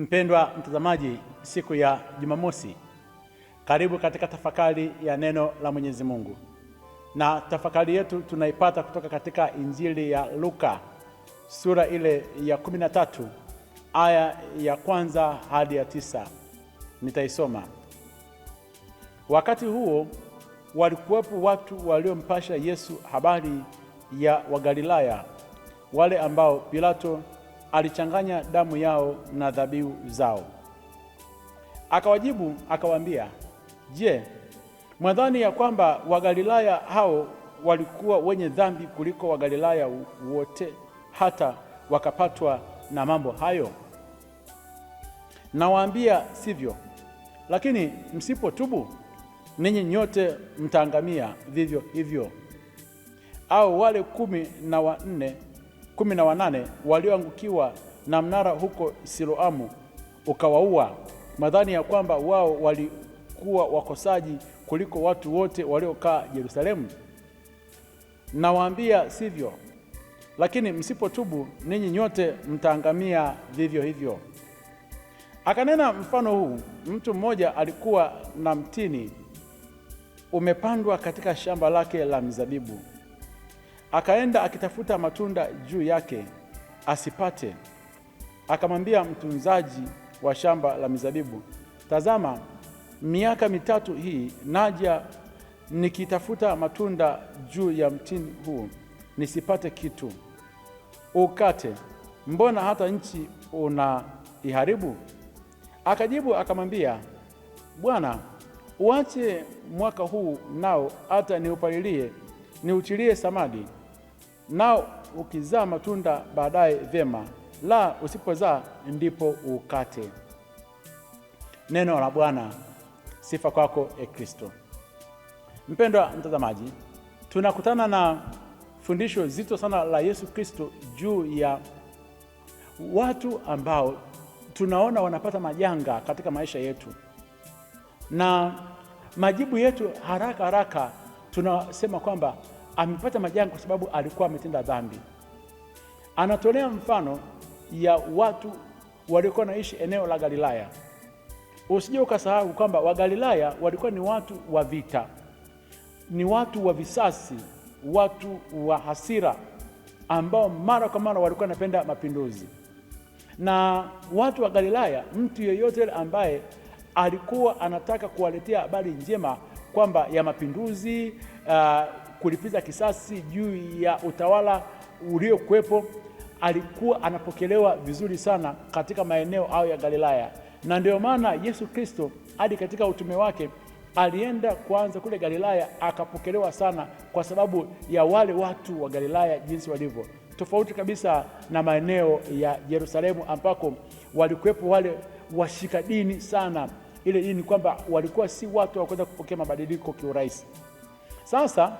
Mpendwa mtazamaji, siku ya Jumamosi, karibu katika tafakari ya neno la Mwenyezi Mungu, na tafakari yetu tunaipata kutoka katika Injili ya Luka sura ile ya 13 aya ya kwanza hadi ya tisa. Nitaisoma. Wakati huo walikuwepo watu waliompasha Yesu habari ya Wagalilaya wale ambao Pilato alichanganya damu yao na dhabihu zao. Akawajibu akawaambia, Je, mwadhani ya kwamba Wagalilaya hao walikuwa wenye dhambi kuliko Wagalilaya wote hata wakapatwa na mambo hayo? Nawaambia sivyo, lakini msipotubu ninyi nyote mtaangamia vivyo hivyo. Au wale kumi na wanne kumi na wanane walioangukiwa na mnara huko Siloamu ukawaua, madhani ya kwamba wao walikuwa wakosaji kuliko watu wote waliokaa Yerusalemu? Nawaambia sivyo, lakini msipotubu ninyi nyote mtaangamia vivyo hivyo. Akanena mfano huu, mtu mmoja alikuwa na mtini umepandwa katika shamba lake la mizabibu Akaenda akitafuta matunda juu yake asipate. Akamwambia mtunzaji wa shamba la mizabibu, tazama, miaka mitatu hii naja nikitafuta matunda juu ya mtini huu nisipate kitu. Ukate, mbona hata nchi unaiharibu? Akajibu akamwambia, Bwana, uache mwaka huu nao, hata niupalilie, niutilie samadi nao ukizaa matunda baadaye vyema, la usipozaa ndipo ukate. Neno la Bwana. Sifa kwako e Kristo. Mpendwa mtazamaji, tunakutana na fundisho zito sana la Yesu Kristo juu ya watu ambao tunaona wanapata majanga katika maisha yetu, na majibu yetu haraka haraka tunasema kwamba amepata majanga kwa sababu alikuwa ametenda dhambi. Anatolea mfano ya watu waliokuwa naishi eneo la Galilaya. Usije ukasahau kwamba Wagalilaya walikuwa ni watu wa vita, ni watu wa visasi, watu wa hasira ambao mara kwa mara walikuwa wanapenda mapinduzi. Na watu wa Galilaya, mtu yeyote ambaye alikuwa anataka kuwaletea habari njema kwamba ya mapinduzi uh, kulipiza kisasi juu ya utawala uliokuwepo, alikuwa anapokelewa vizuri sana katika maeneo hayo ya Galilaya, na ndio maana Yesu Kristo hadi katika utume wake alienda kwanza kule Galilaya akapokelewa sana, kwa sababu ya wale watu wa Galilaya jinsi walivyo tofauti kabisa na maeneo ya Yerusalemu ambako walikuwepo wale washika dini sana. Ile dini ni kwamba walikuwa si watu wa kwenda kupokea mabadiliko kiurahisi. Sasa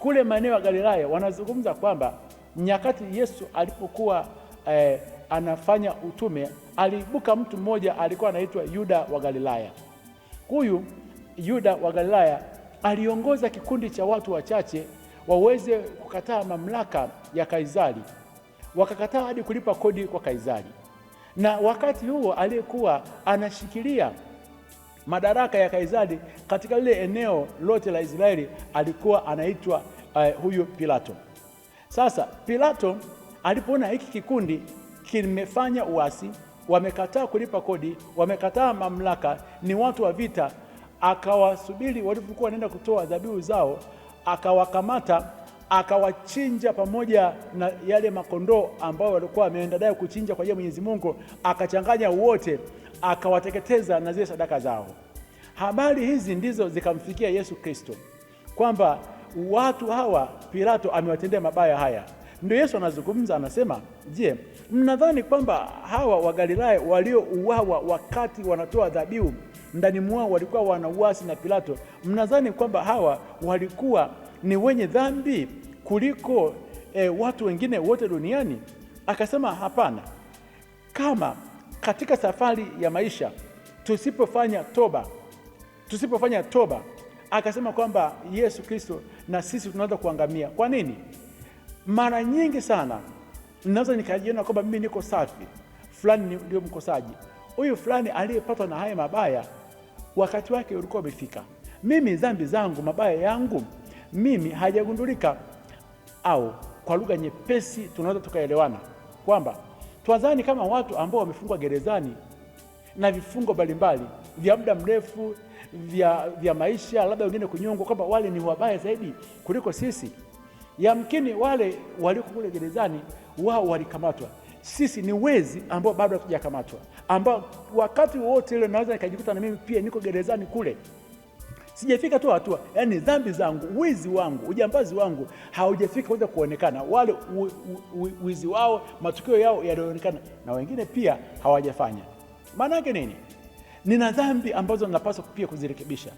kule maeneo ya Galilaya wanazungumza kwamba nyakati Yesu alipokuwa eh, anafanya utume aliibuka mtu mmoja alikuwa anaitwa Yuda wa Galilaya. Huyu Yuda wa Galilaya aliongoza kikundi cha watu wachache waweze kukataa mamlaka ya Kaisari, wakakataa hadi kulipa kodi kwa Kaisari, na wakati huo aliyekuwa anashikilia madaraka ya Kaisari katika lile eneo lote la Israeli, alikuwa anaitwa uh, huyu Pilato. Sasa Pilato alipoona hiki kikundi kimefanya uasi, wamekataa kulipa kodi, wamekataa mamlaka, ni watu wa vita, akawasubiri walipokuwa wanaenda kutoa dhabihu zao, akawakamata akawachinja pamoja na yale makondoo ambao walikuwa wameenda nayo kuchinja kwa ajili ya Mwenyezi Mungu, akachanganya wote, akawateketeza na zile sadaka zao. Habari hizi ndizo zikamfikia Yesu Kristo kwamba watu hawa Pilato amewatendea mabaya haya. Ndio Yesu anazungumza anasema, je, mnadhani kwamba hawa Wagalilaya waliouawa wakati wanatoa dhabihu ndani mwao walikuwa wana uasi na Pilato? Mnadhani kwamba hawa walikuwa ni wenye dhambi kuliko e, watu wengine wote duniani? Akasema hapana, kama katika safari ya maisha tusipofanya toba, tusipofanya toba, akasema kwamba Yesu Kristo na sisi tunaweza kuangamia. Kwa nini? Mara nyingi sana naweza nikajiona kwamba mimi niko safi, fulani ndio mkosaji, huyu fulani aliyepatwa na haya mabaya wakati wake ulikuwa umefika. Mimi dhambi zangu, mabaya yangu mimi hajagundulika au kwa lugha nyepesi tunaweza tukaelewana kwamba twadhani kama watu ambao wamefungwa gerezani na vifungo mbalimbali vya muda mrefu vya, vya maisha, labda wengine kunyongwa, kwamba wale ni wabaya zaidi kuliko sisi. Yamkini wale walioko kule gerezani wao walikamatwa, sisi ni wezi ambao bado hatujakamatwa, ambao wakati wowote ile naweza nikajikuta na mimi pia niko gerezani kule sijafika tu hatua, yaani dhambi zangu, wizi wangu, ujambazi wangu haujafika kuweza kuonekana, wale wizi wao, matukio yao yanaonekana, na wengine pia hawajafanya. Maana yake nini? Nina dhambi ambazo napaswa pia kuzirekebisha.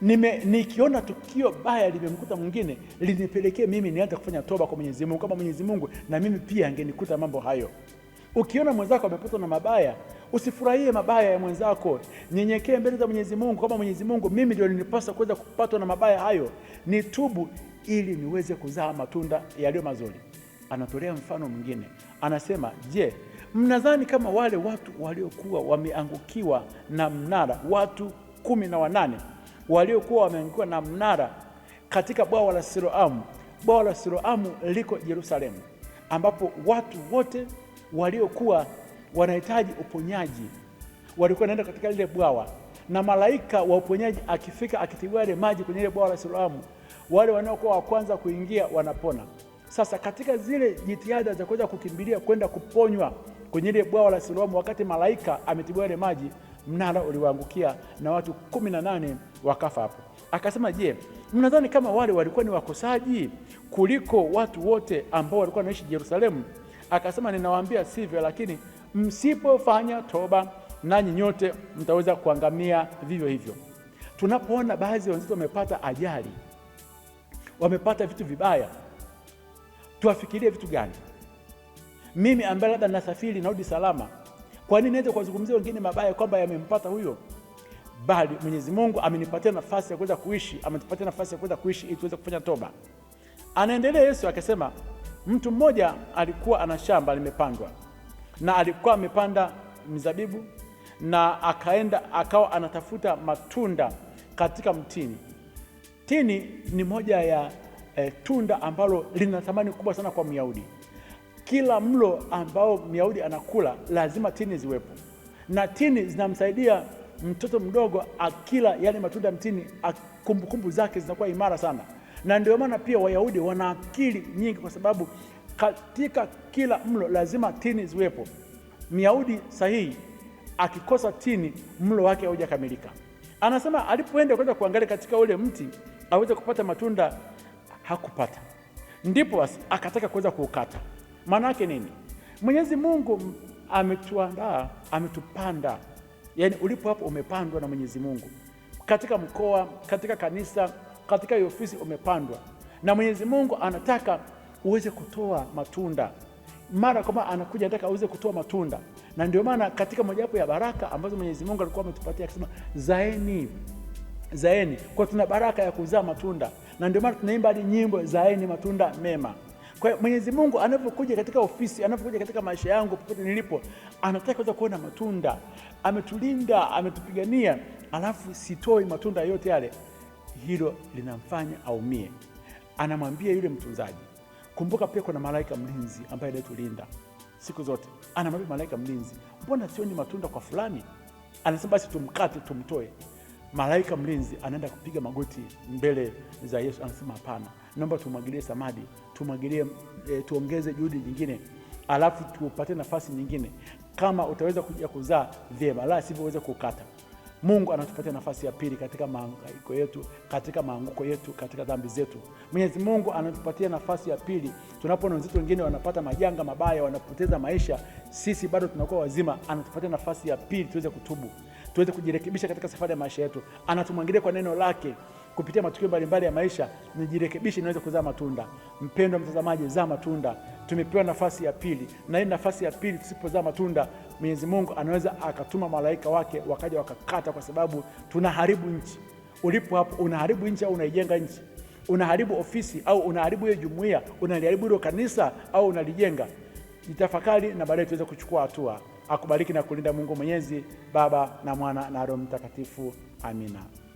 Nime, nikiona tukio baya limemkuta mwingine linipelekee mimi nianze kufanya toba kwa Mwenyezi Mungu, kama Mwenyezi Mungu na mimi pia angenikuta mambo hayo. Ukiona mwenzako amepatwa na mabaya Usifurahie mabaya ya mwenzako, nyenyekee mbele za Mwenyezi Mungu kama Mwenyezi Mungu, mimi ndio ninipasa kuweza kupatwa na mabaya hayo, nitubu ili niweze kuzaa matunda yaliyo mazuri. Anatolea mfano mwingine, anasema je, mnadhani kama wale watu waliokuwa wameangukiwa na mnara, watu kumi na wanane waliokuwa wameangukiwa na mnara katika bwawa la Siloamu? Bwawa la Siloamu liko Yerusalemu, ambapo watu wote waliokuwa wanahitaji uponyaji, walikuwa naenda katika lile bwawa, na malaika wa uponyaji akifika, akitibua ile maji kwenye ile bwawa la Siloamu, wale wanaokuwa wa kwanza kuingia wanapona. Sasa katika zile jitihada za kuweza kukimbilia kwenda kuponywa kwenye ile bwawa la Siloamu, wakati malaika ametibua ile maji, mnara uliwaangukia na watu kumi na nane wakafa hapo. Akasema, je, mnadhani kama wale walikuwa ni wakosaji kuliko watu wote ambao walikuwa wanaishi Yerusalemu? Akasema, ninawaambia sivyo, lakini msipofanya toba nanyi nyote mtaweza kuangamia vivyo hivyo. Tunapoona baadhi ya wenzetu wamepata ajali, wamepata vitu vibaya, tuwafikirie vitu gani? Mimi ambaye labda nasafiri narudi salama, kwa nini naweza kuwazungumzia wengine mabaya kwamba yamempata huyo? Bali Mwenyezi Mungu amenipatia nafasi ya kuweza kuishi, ametupatia nafasi ya kuweza kuishi ili tuweze kufanya toba. Anaendelea Yesu akasema, mtu mmoja alikuwa ana shamba limepandwa na alikuwa amepanda mizabibu na akaenda akawa anatafuta matunda katika mtini. Tini ni moja ya e, tunda ambalo lina thamani kubwa sana kwa Myahudi. Kila mlo ambao Myahudi anakula lazima tini ziwepo, na tini zinamsaidia mtoto mdogo akila yale matunda mtini, kumbukumbu zake zinakuwa imara sana, na ndio maana pia Wayahudi wana akili nyingi, kwa sababu katika kila mlo lazima tini ziwepo. Myahudi sahihi akikosa tini, mlo wake haujakamilika. Anasema alipoenda kwenda kuangalia katika ule mti aweze kupata matunda, hakupata. Ndipo basi akataka kuweza kuukata. Maana yake nini? Mwenyezi Mungu ametuandaa, ametupanda. Yaani ulipo hapo umepandwa na Mwenyezi Mungu, katika mkoa, katika kanisa, katika ofisi umepandwa na Mwenyezi Mungu anataka uweze kutoa matunda mara mara, anakuja anataka aweze kutoa matunda, na ndio maana katika mojawapo ya baraka ambazo Mwenyezi Mungu alikuwa ametupatia akisema, zaeni zaeni, kwa tuna baraka ya kuzaa matunda, na ndio maana tunaimba hadi nyimbo zaeni matunda mema. Kwa hiyo Mwenyezi Mungu anapokuja katika ofisi, anapokuja katika maisha yangu, popote nilipo, anataka kuweza kuona matunda. Ametulinda, ametupigania, alafu sitoi matunda yote yale, hilo linamfanya aumie. Anamwambia yule mtunzaji Kumbuka pia kuna malaika mlinzi ambaye anatulinda siku zote. Anamwambia malaika mlinzi, mbona sioni matunda kwa fulani? Anasema basi tumkate, tumtoe. Malaika mlinzi anaenda kupiga magoti mbele za Yesu, anasema hapana, naomba tumwagilie samadi, tumwagilie e, tuongeze juhudi nyingine, alafu tupate nafasi nyingine. Kama utaweza kuja kuzaa vyema, la sivyo uweze kukata. Mungu anatupatia nafasi ya pili katika maangaiko yetu, katika maanguko yetu, katika dhambi zetu. Mwenyezi Mungu anatupatia nafasi ya pili. Tunapoona wenzetu wengine wanapata majanga mabaya, wanapoteza maisha, sisi bado tunakuwa wazima, anatupatia nafasi ya pili tuweze kutubu tuweze kujirekebisha katika safari ya maisha yetu. Anatumwangilia kwa neno lake kupitia matukio mbalimbali ya maisha, nijirekebishe niweze kuzaa matunda. Mpendwa mtazamaji, zaa matunda. Tumepewa nafasi ya pili, na hii nafasi ya pili tusipozaa matunda, Mwenyezi Mungu anaweza akatuma malaika wake wakaja wakakata, kwa sababu tunaharibu nchi. Ulipo hapo, unaharibu nchi au unaijenga nchi? Unaharibu ofisi au unaharibu hiyo jumuiya? Unaliharibu hilo kanisa au unalijenga? Jitafakari na baadaye tuweze kuchukua hatua. Akubariki na kulinda Mungu Mwenyezi, Baba na Mwana na Roho Mtakatifu. Amina.